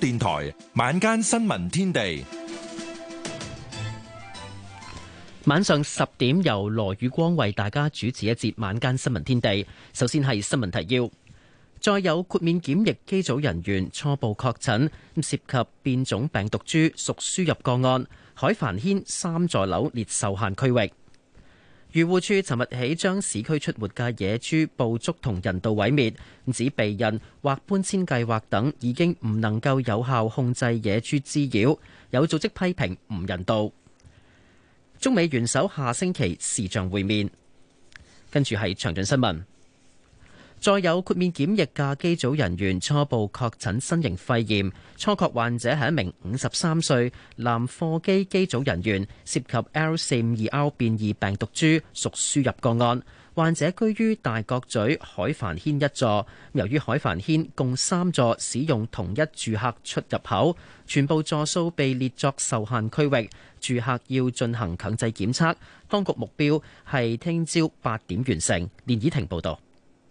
電台晚間新聞天地，晚上十點由羅宇光為大家主持一節晚間新聞天地。首先係新聞提要，再有豁免檢疫機組人員初步確診，涉及變種病毒株屬輸入個案，海帆軒三座樓列受限區域。漁護署尋日起將市區出沒嘅野豬捕捉同人道毀滅，指避孕或搬遷計劃等已經唔能夠有效控制野豬滋擾，有組織批評唔人道。中美元首下星期視像會面，跟住係詳盡新聞。再有豁免檢疫嘅機組人員初步確診新型肺炎，初確患者係一名五十三歲男貨機機組人員涉及 L 四五二 R 變異病毒株，屬輸入個案。患者居於大角咀海帆軒一座，由於海帆軒共三座使用同一住客出入口，全部座數被列作受限區域，住客要進行強制檢測，當局目標係聽朝八點完成。連倚婷報道。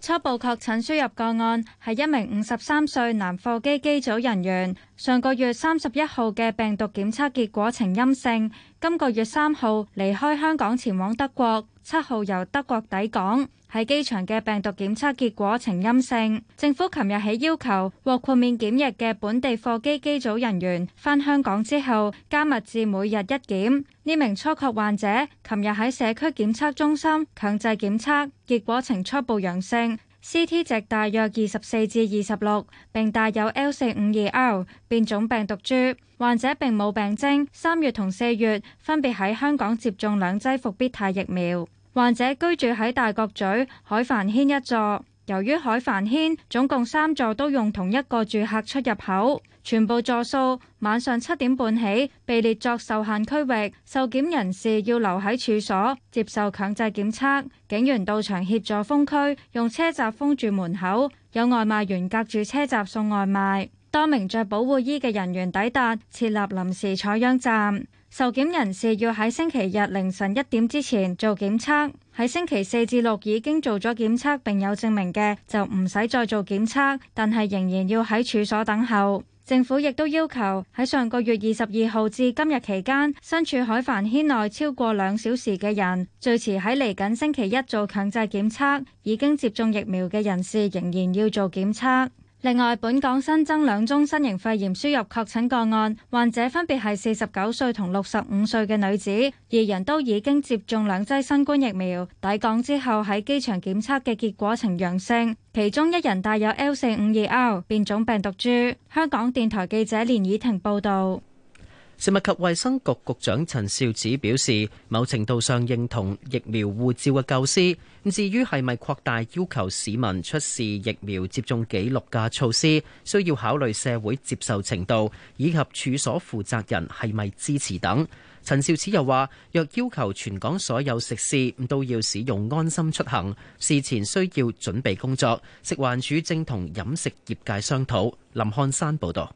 初步確診輸入個案係一名五十三歲男貨機機組人員，上個月三十一號嘅病毒檢測結果呈陰性，今個月三號離開香港前往德國。七號由德國抵港，喺機場嘅病毒檢測結果呈陰性。政府琴日起要求獲豁免檢疫嘅本地貨機機組人員返香港之後，加密至每日一檢。呢名初確患者琴日喺社區檢測中心強制檢測，結果呈初步陽性，CT 值大約二十四至二十六，並帶有 L 四五二 L 變種病毒株。患者並冇病徵，三月同四月分別喺香港接種兩劑復必泰疫苗。患者居住喺大角咀海帆軒一座，由於海帆軒總共三座都用同一個住客出入口，全部座數晚上七點半起被列作受限區域，受檢人士要留喺處所接受強制檢測。警員到場協助封區，用車閘封住門口，有外賣員隔住車閘送外賣。多名着保護衣嘅人員抵達設立臨時採樣站。受檢人士要喺星期日凌晨一點之前做檢測，喺星期四至六已經做咗檢測並有證明嘅就唔使再做檢測，但係仍然要喺處所等候。政府亦都要求喺上個月二十二號至今日期間身處海帆軒內超過兩小時嘅人，最遲喺嚟緊星期一做強制檢測。已經接種疫苗嘅人士仍然要做檢測。另外，本港新增兩宗新型肺炎輸入確診個案，患者分別係四十九歲同六十五歲嘅女子，二人都已經接種兩劑新冠疫苗。抵港之後喺機場檢測嘅結果呈陽性，其中一人帶有 L 四五二 R 變種病毒株。香港電台記者連以婷報導。食物及衛生局局長陳肇始表示，某程度上認同疫苗護照的構思，至於係咪擴大要求市民出示疫苗接種紀錄的措施，需要考慮社會接受程度，以及處所負責人係咪支持等。陳肇始又話，若要求全港所有食肆都要使用安心出行，事前需要準備工作，食環署正同飲食業界商討。林漢山報道。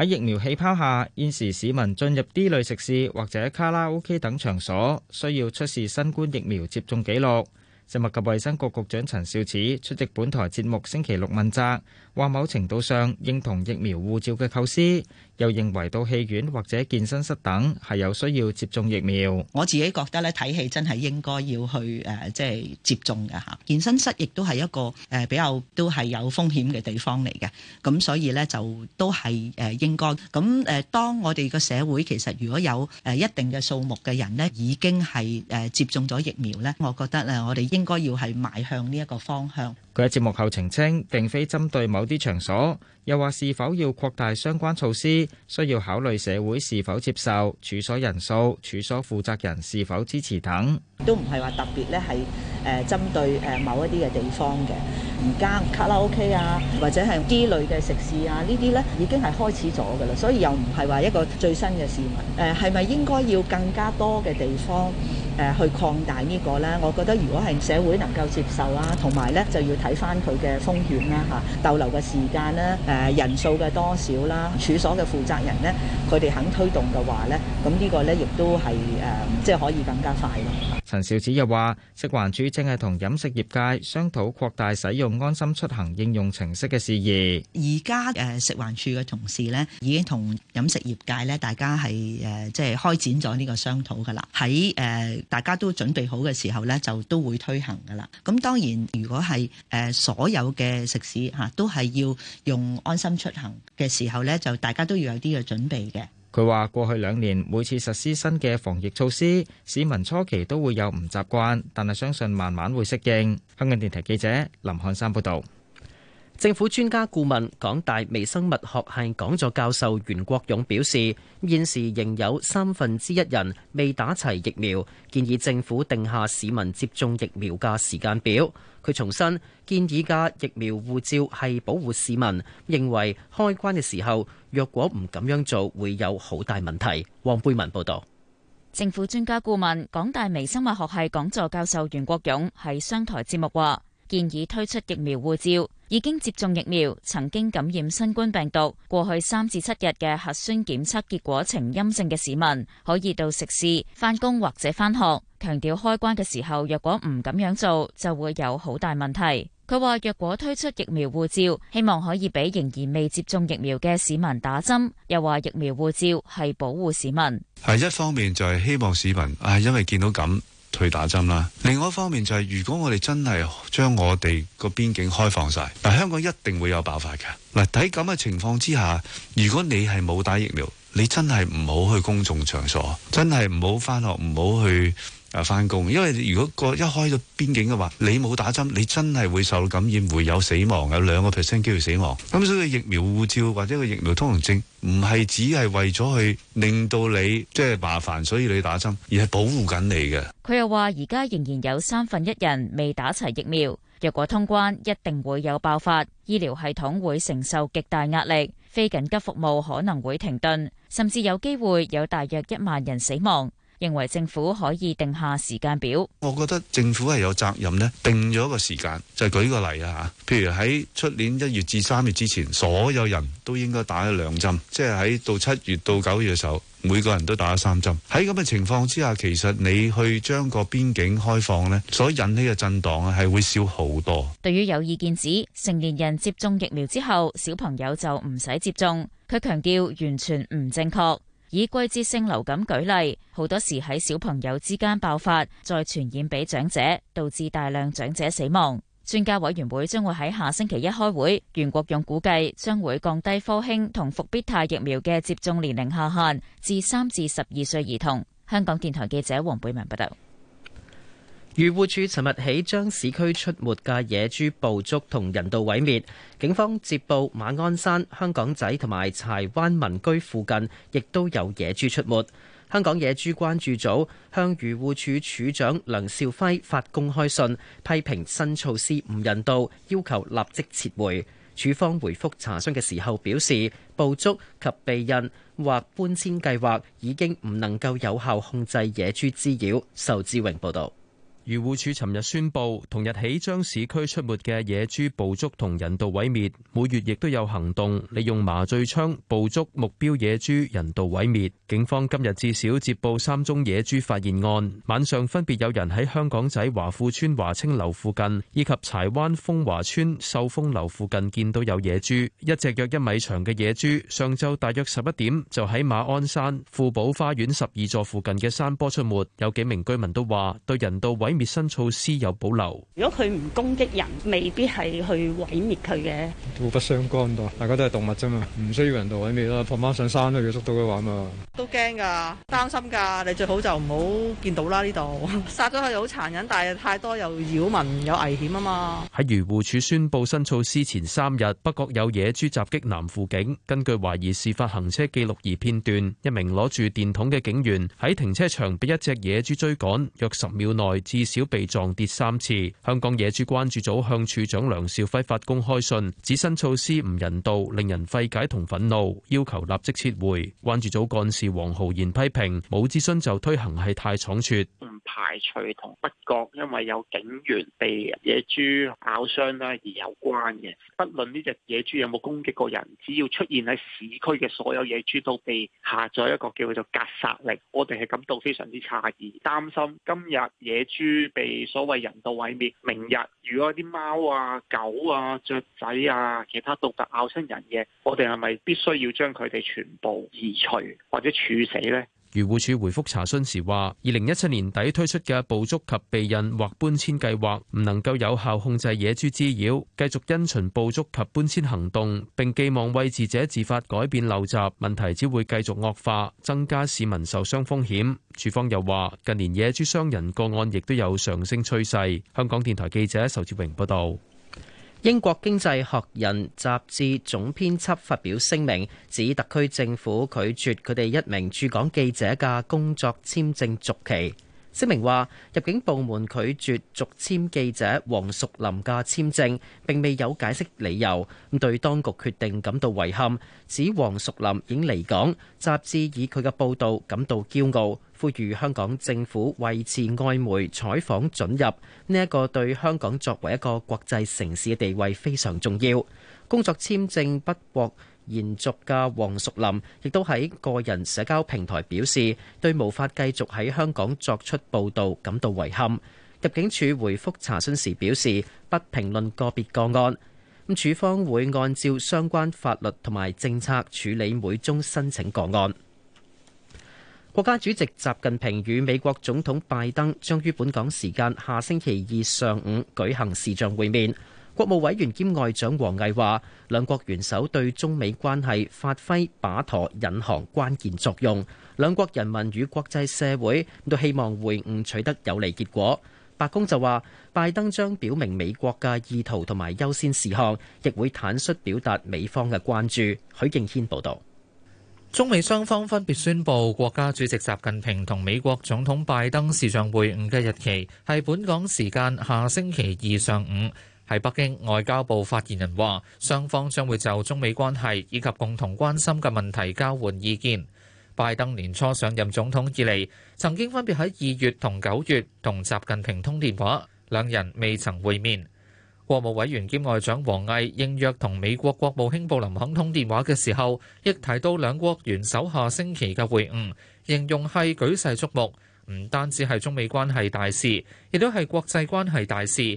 喺疫苗氣泡下，現時市民進入 D 類食肆或者卡拉 OK 等場所，需要出示新冠疫苗接種記錄。食物及衛生局局長陳肇始出席本台節目星期六問責。話某程度上認同疫苗護照嘅構思，又認為到戲院或者健身室等係有需要接種疫苗。我自己覺得咧睇戲真係應該要去誒、呃，即係接種嘅吓。健身室亦都係一個誒比較、呃、都係有風險嘅地方嚟嘅。咁、嗯、所以咧就都係誒應該。咁、嗯、誒，當我哋個社會其實如果有誒一定嘅數目嘅人咧，已經係誒接種咗疫苗咧，我覺得咧我哋應該要係邁向呢一個方向。佢喺節目後澄清，並非針對某。啲場所又話是否要擴大相關措施，需要考慮社會是否接受，處所人數、處所負責人是否支持等，都唔係話特別咧，係誒針對誒某一啲嘅地方嘅。而家卡拉 OK 啊，或者係呢類嘅食肆啊，呢啲咧已經係開始咗㗎喇，所以又唔係話一個最新嘅市民，誒，係咪應該要更加多嘅地方？誒去擴大呢、這個咧，我覺得如果係社會能夠接受啦，同埋呢就要睇返佢嘅風險啦嚇，逗留嘅時間啦，誒、呃、人數嘅多少啦，處所嘅負責人呢，佢哋肯推動嘅話呢，咁呢個呢亦都係誒、呃，即係可以更加快咯。陳肇始又話：食環署正係同飲食業界商討擴大使用安心出行應用程式嘅事宜。而家誒食環署嘅同事呢，已經同飲食業界呢，大家係誒即係開展咗呢個商討㗎喇。喺誒。呃大家都準備好嘅時候呢，就都會推行㗎喇。咁當然，如果係誒所有嘅食肆嚇都係要用安心出行嘅時候呢，就大家都要有啲嘅準備嘅。佢話：過去兩年每次實施新嘅防疫措施，市民初期都會有唔習慣，但係相信慢慢會適應。香港電台記者林漢山報道。政府專家顧問港大微生物學系講座教授袁國勇表示，現時仍有三分之一人未打齊疫苗，建議政府定下市民接種疫苗嘅時間表。佢重申建議嘅疫苗護照係保護市民，認為開關嘅時候若果唔咁樣做，會有好大問題。黃貝文報導。政府專家顧問港大微生物學系講座教授袁國勇喺商台節目話。建議推出疫苗護照，已經接種疫苗、曾經感染新冠病毒、過去三至七日嘅核酸檢測結果呈陰性嘅市民，可以到食肆、翻工或者翻學。強調開關嘅時候，若果唔咁樣做，就會有好大問題。佢話若果推出疫苗護照，希望可以俾仍然未接種疫苗嘅市民打針。又話疫苗護照係保護市民。係一方面就係希望市民啊，因為見到咁。退打針啦！另外一方面就係、是，如果我哋真係將我哋個邊境開放晒，嗱香港一定會有爆發嘅。嗱喺咁嘅情況之下，如果你係冇打疫苗，你真係唔好去公眾場所，真係唔好返學，唔好去。啊！翻工，因為如果個一開到邊境嘅話，你冇打針，你真係會受到感染，會有死亡，有兩個 percent 機會死亡。咁所以疫苗護照或者個疫苗通行證，唔係只係為咗去令到你即係麻煩，所以你打針，而係保護緊你嘅。佢又話：而家仍然有三分一人未打齊疫苗，若果通關一定會有爆發，醫療系統會承受極大壓力，非緊急服務可能會停頓，甚至有機會有大約一萬人死亡。認為政府可以定下時間表。我覺得政府係有責任呢，定咗個時間。就是，舉個例啊，譬如喺出年一月至三月之前，所有人都應該打咗兩針，即係喺到七月到九月嘅時候，每個人都打咗三針。喺咁嘅情況之下，其實你去將個邊境開放呢，所引起嘅震盪係會少好多。對於有意見指成年人接種疫苗之後，小朋友就唔使接種，佢強調完全唔正確。以季節性流感舉例，好多時喺小朋友之間爆發再傳染俾長者，導致大量長者死亡。專家委員會將會喺下星期一開會，袁國勇估計將會降低科興同復必泰疫苗嘅接種年齡下限至三至十二歲兒童。香港電台記者黃貝文報道。漁護署尋日起將市區出沒嘅野豬捕捉同人道毀滅。警方接報馬鞍山香港仔同埋柴灣民居附近亦都有野豬出沒。香港野豬關注組向漁護署署長梁少輝發公開信，批評新措施唔人道，要求立即撤回。署方回覆查詢嘅時候表示，捕捉及避孕或搬遷計劃已經唔能夠有效控制野豬滋擾。仇志榮報道。漁護署尋日宣布，同日起將市區出沒嘅野豬捕捉同人道毀滅。每月亦都有行動，利用麻醉槍捕，捕捉目標野豬，人道毀滅。警方今日至少接報三宗野豬發現案，晚上分別有人喺香港仔華富邨華清樓附近，以及柴灣峰華邨秀峰樓附近見到有野豬，一隻約一米長嘅野豬。上晝大約十一點就喺馬鞍山富寶花園十二座附近嘅山坡出沒，有幾名居民都話對人道毀。新措施有保留。如果佢唔攻擊人，未必係去毀滅佢嘅。互不相干咯，大家都係動物啫嘛，唔需要人道毀滅咯。爸媽上山都要捉到佢玩嘛。都驚噶，擔心噶，你最好就唔好見到啦。呢度殺咗佢好殘忍，但係太多又擾民，有危險啊嘛。喺漁護署宣布新措施前三日，北角有野豬襲擊男輔警。根據懷疑事發行車記錄儀片段，一名攞住電筒嘅警員喺停車場被一隻野豬追趕，約十秒內至。至少被撞跌三次，香港野豬關注組向署長梁少輝發公開信，指新措施唔人道，令人費解同憤怒，要求立即撤回。關注組幹事黃浩然批評，冇諮詢就推行係太倉促。排除同北角因為有警員被野豬咬傷啦而有關嘅，不論呢隻野豬有冇攻擊過人，只要出現喺市區嘅所有野豬都被下咗一個叫做格殺令。我哋係感到非常之詫異，擔心今日野豬被所謂人道毀滅，明日如果啲貓啊、狗啊、雀仔啊、其他動物咬親人嘅，我哋係咪必須要將佢哋全部移除或者處死咧？漁護署回覆查詢時話，二零一七年底推出嘅捕捉及避孕或搬遷計劃唔能夠有效控制野豬滋擾，繼續因循捕捉及搬遷行動，並寄望餵飼者自發改變陋習，問題只會繼續惡化，增加市民受傷風險。署方又話，近年野豬傷人個案亦都有上升趨勢。香港電台記者仇志榮報道。英國經濟學人雜誌總編輯發表聲明，指特區政府拒絕佢哋一名駐港記者嘅工作簽證續期。聲明話，入境部門拒絕續簽記者黃淑琳嘅簽證，並未有解釋理由。咁對當局決定感到遺憾，指黃淑琳已經離港。雜誌以佢嘅報導感到驕傲，呼籲香港政府維持外媒採訪准入，呢一個對香港作為一個國際城市嘅地位非常重要。工作簽證不獲延續嘅黃淑琳亦都喺個人社交平台表示，對無法繼續喺香港作出報導感到遺憾。入境處回覆查詢時表示，不評論個別個案。咁處方會按照相關法律同埋政策處理每宗申請個案。國家主席習近平與美國總統拜登將於本港時間下星期二上午舉行視像會面。國務委員兼外長王毅話，兩國元首對中美關係發揮把舵引航關鍵作用，兩國人民與國際社會都希望會晤取得有利結果。白宮就話，拜登將表明美國嘅意圖同埋優先事項，亦會坦率表達美方嘅關注。許敬軒報道，中美雙方分別宣布國家主席習近平同美國總統拜登視像會晤嘅日期，係本港時間下星期二上午。喺北京，外交部發言人話，雙方將會就中美關係以及共同關心嘅問題交換意見。拜登年初上任總統以嚟，曾經分別喺二月同九月同習近平通電話，兩人未曾會面。國務委員兼外長王毅應約同美國國務卿布林肯通電話嘅時候，亦提到兩國元首下星期嘅會晤，形容係舉世矚目，唔單止係中美關係大事，亦都係國際關係大事。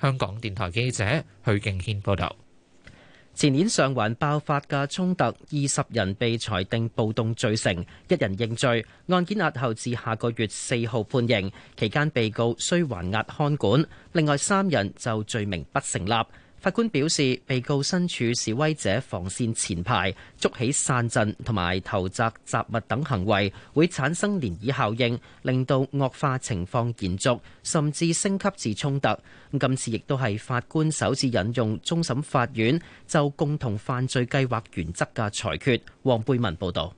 香港電台記者許敬軒報道，前年上環爆發嘅衝突，二十人被裁定暴動罪成，一人認罪，案件押後至下個月四號判刑，期間被告需還押看管。另外三人就罪名不成立。法官表示，被告身處示威者防線前排，捉起傘陣同埋投擲雜物等行為會產生漣漪效應，令到惡化情況延續，甚至升級至衝突。今次亦都係法官首次引用終審法院就共同犯罪計劃原則嘅裁決，黃貝文報道。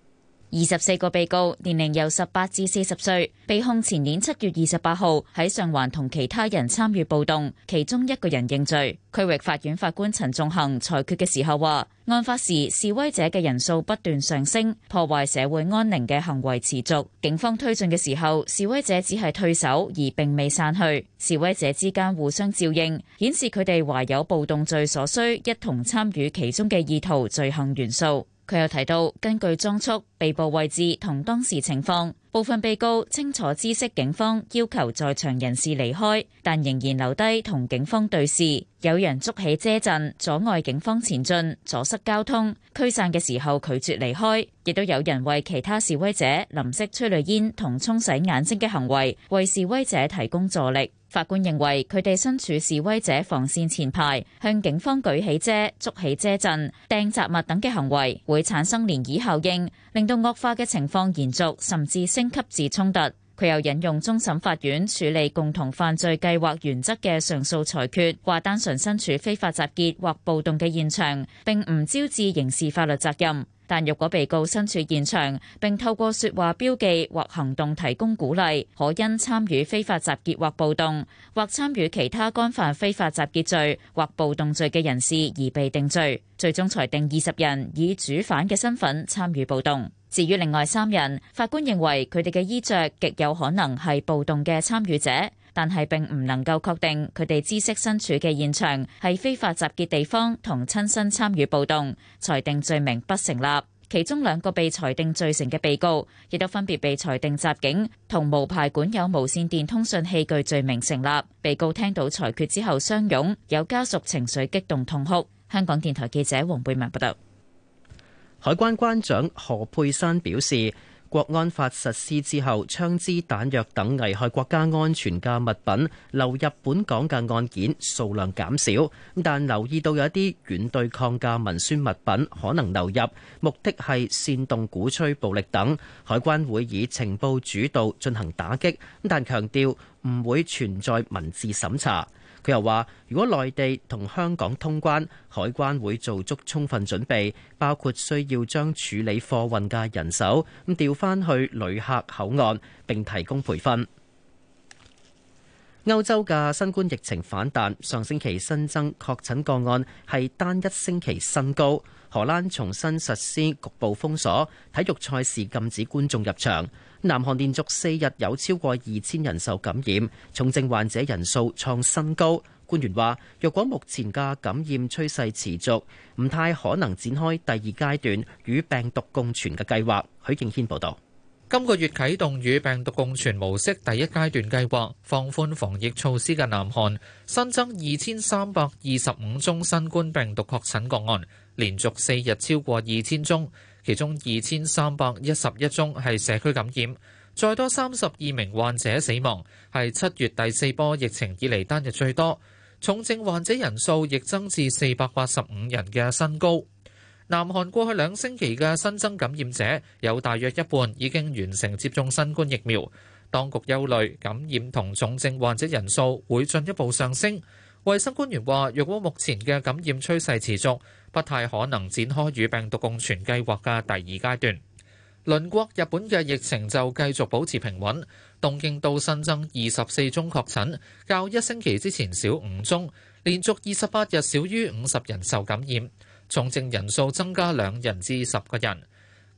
二十四個被告年齡由十八至四十歲，被控前年七月二十八號喺上環同其他人參與暴動，其中一個人認罪。區域法院法官陳仲衡裁決嘅時候話，案發時示威者嘅人數不斷上升，破壞社會安寧嘅行為持續。警方推進嘅時候，示威者只係退守而並未散去，示威者之間互相照應，顯示佢哋懷有暴動罪所需一同參與其中嘅意圖罪行元素。佢又提到，根據裝束、被捕位置同當時情況，部分被告清楚知悉警方要求在場人士離開，但仍然留低同警方對視。有人捉起遮陣，阻礙警方前進，阻塞交通。驅散嘅時候拒絕離開，亦都有人為其他示威者淋熄催淚煙同沖洗眼睛嘅行為，為示威者提供助力。法官認為，佢哋身處示威者防線前排，向警方舉起遮、捉起遮陣、掟雜物等嘅行為，會產生漣漪效應，令到惡化嘅情況延續，甚至升級至衝突。佢又引用終審法院處理共同犯罪計劃原則嘅上訴裁決，話單純身處非法集結或暴動嘅現場，並唔招致刑事法律責任。但若果被告身處現場，並透過說話標記或行動提供鼓勵，可因參與非法集結或暴動，或參與其他干犯非法集結罪或暴動罪嘅人士而被定罪。最終裁定二十人以主犯嘅身份參與暴動。至於另外三人，法官認為佢哋嘅衣着極有可能係暴動嘅參與者。但係並唔能夠確定佢哋知識身處嘅現場係非法集結地方同親身參與暴動，裁定罪名不成立。其中兩個被裁定罪成嘅被告，亦都分別被裁定襲警同無牌管有無線電通訊器具罪名成立。被告聽到裁決之後相擁，有家屬情緒激動痛哭。香港電台記者黃貝文報道。海關關長何佩珊表示，國安法實施之後，槍支彈藥等危害國家安全嘅物品流入本港嘅案件數量減少，但留意到有一啲軟對抗嘅文宣物品可能流入，目的係煽動鼓吹暴力等，海關會以情報主導進行打擊，但強調唔會存在文字審查。佢又話：如果內地同香港通關，海關會做足充分準備，包括需要將處理貨運嘅人手咁調翻去旅客口岸，並提供培訓。歐洲嘅新冠疫情反彈，上星期新增確診個案係單一星期新高。荷蘭重新實施局部封鎖，體育賽事禁止觀眾入場。南韓連續四日有超過二千人受感染，重症患者人數創新高。官員話：若果目前嘅感染趨勢持續，唔太可能展開第二階段與病毒共存嘅計劃。許敬軒報道。今個月啟動與病毒共存模式第一階段計劃，放寬防疫措施嘅南韓，新增二千三百二十五宗新冠病毒確診個案，連續四日超過二千宗。其中二千三百一十一宗係社區感染，再多三十二名患者死亡，係七月第四波疫情以嚟單日最多。重症患者人數亦增至四百八十五人嘅新高。南韓過去兩星期嘅新增感染者有大約一半已經完成接種新冠疫苗。當局憂慮感染同重症患者人數會進一步上升。衛生官員話，若果目前嘅感染趨勢持續，不太可能展開與病毒共存計劃嘅第二階段。鄰國日本嘅疫情就繼續保持平穩，東京都新增二十四宗確診，較一星期之前少五宗，連續二十八日少於五十人受感染，重症人數增加兩人至十個人。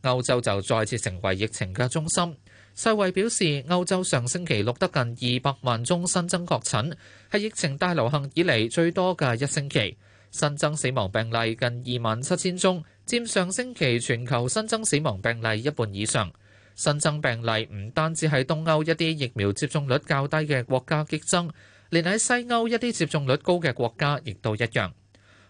歐洲就再次成為疫情嘅中心。世衛表示，歐洲上星期錄得近二百萬宗新增確診，係疫情大流行以嚟最多嘅一星期。新增死亡病例近二萬七千宗，佔上星期全球新增死亡病例一半以上。新增病例唔單止係東歐一啲疫苗接種率較低嘅國家激增，連喺西歐一啲接種率高嘅國家亦都一樣。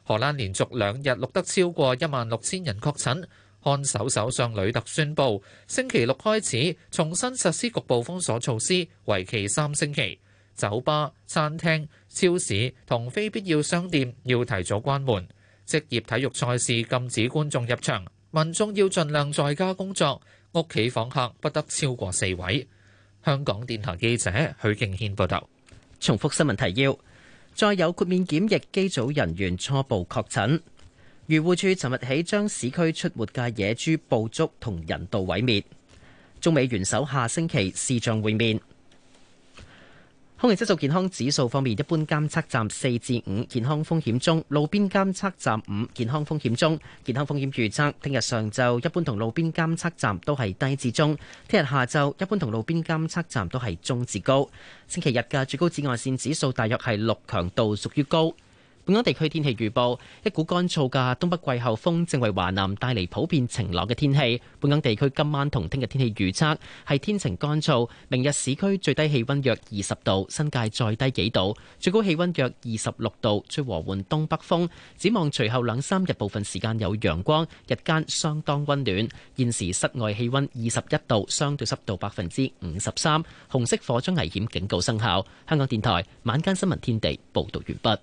荷蘭連續兩日錄得超過一萬六千人確診，看守首相呂特宣布，星期六開始重新實施局部封鎖措施，為期三星期。酒吧、餐廳、超市同非必要商店要提早關門。職業體育賽事禁止觀眾入場。民眾要盡量在家工作。屋企訪客不得超過四位。香港電台記者許敬軒報道。重複新聞提要。再有豁免檢疫機組人員初步確診。漁護處尋日起將市區出沒嘅野豬捕捉同人道毀滅。中美元首下星期視像會面。空氣質素健康指數方面，一般監測站四至五，健康風險中；路邊監測站五，健康風險中。健康風險預測：聽日上晝一般同路邊監測站都係低至中；聽日下晝一般同路邊監測站都係中至高。星期日嘅最高紫外線指數大約係六，強度屬於高。本港地區天氣預報：一股乾燥嘅東北季候風正為華南帶嚟普遍晴朗嘅天氣。本港地區今晚同聽日天氣預測係天晴乾燥。明日市區最低氣溫約二十度，新界再低幾度，最高氣溫約二十六度，吹和緩東北風。展望隨後兩三日部分時間有陽光，日間相當溫暖。現時室外氣溫二十一度，相對濕度百分之五十三，紅色火災危險警告生效。香港電台晚間新聞天地報道完畢。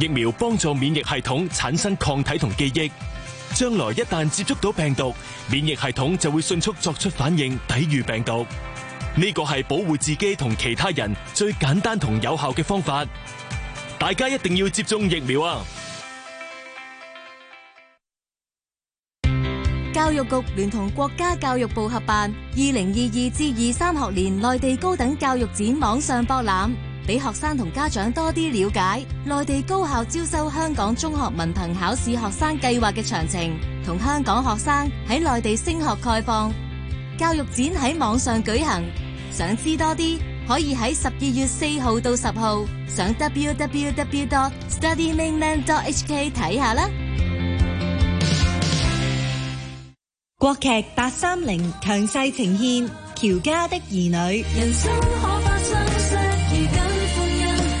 疫苗幫助免疫系統產生抗體同記憶，將來一旦接觸到病毒，免疫系統就會迅速作出反應，抵禦病毒。呢個係保護自己同其他人最簡單同有效嘅方法。大家一定要接種疫苗啊！教育局聯同國家教育部合辦二零二二至二三學年內地高等教育展網上博覽。俾學生同家長多啲了解內地高校招收香港中學文憑考試學生計劃嘅詳情，同香港學生喺內地升學概況。教育展喺網上舉行，想知多啲可以喺十二月四號到十號上 www.studymainland.hk dot 睇下啦。國劇八三零強勢呈現《喬家的兒女》。人生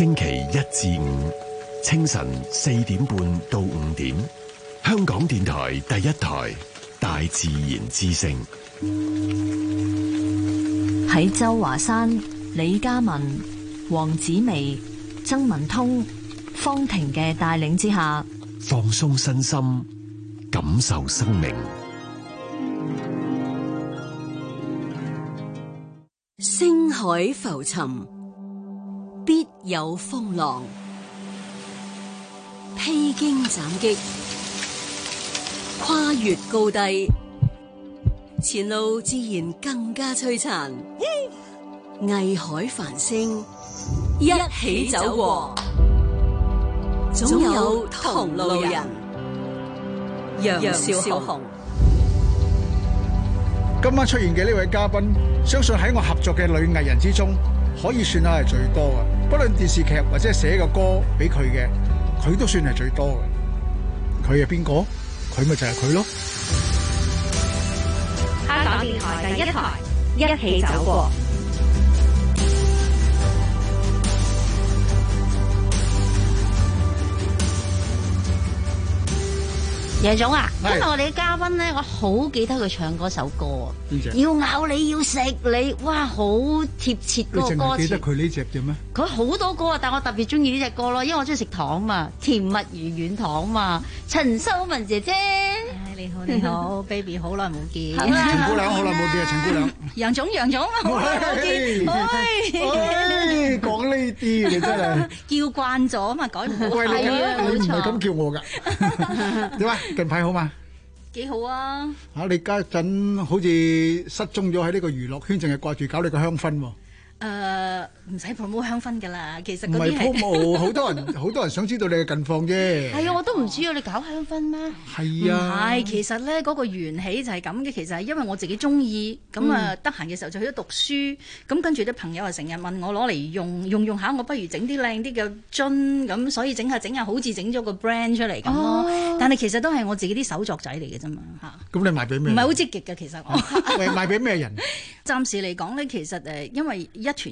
星期一至五，清晨四點半到五點，香港電台第一台，大自然之聲。喺周華山、李嘉文、黃子薇、曾文通、方婷嘅帶領之下，放鬆身心，感受生命。星海浮沉。必有風浪，披荊斬棘，跨越高低，前路自然更加璀璨。藝海繁星，一起走過，總有同路人，楊少紅。今晚出現嘅呢位嘉賓，相信喺我合作嘅女藝人之中，可以算係最多嘅。不論電視劇或者係寫個歌俾佢嘅，佢都算係最多嘅。佢係邊個？佢咪就係佢咯。香港電台第一台，一起走過。楊總啊，今日我哋嘅嘉賓咧，我好記得佢唱嗰首歌啊，首要咬你，要食你，哇，好貼切嗰個歌詞。你淨記得佢呢隻嘅咩？佢好多歌啊，但我特別中意呢隻歌咯，因為我中意食糖嘛，甜蜜如軟糖啊嘛，陳秀雯姐姐。你好，你好，baby，好耐冇見。陳姑娘，好耐冇見啊，陳姑娘。楊總，楊總。喂，喂，講呢啲，你真係叫慣咗嘛？改唔到。喂，你你唔係咁叫我噶。點啊？近排好嘛？幾好啊！啊，你家陣好似失蹤咗喺呢個娛樂圈，淨係掛住搞你個香薰。誒唔使 promote 香薰㗎啦，其實嗰啲係。唔係 promote，好多人好多人想知道你嘅近況啫。係啊，我都唔知啊，你搞香薰咩？係啊，唔係其實咧嗰個緣起就係咁嘅，其實係因為我自己中意，咁啊，得閒嘅時候就去咗讀書，咁跟住啲朋友又成日問我攞嚟用，用用下，我不如整啲靚啲嘅樽咁，所以整下整下好似整咗個 brand 出嚟咁咯。但係其實都係我自己啲手作仔嚟嘅啫嘛嚇。咁你賣俾咩？唔係好積極嘅其實。我喂，賣俾咩人？暫時嚟講咧，其實誒，因為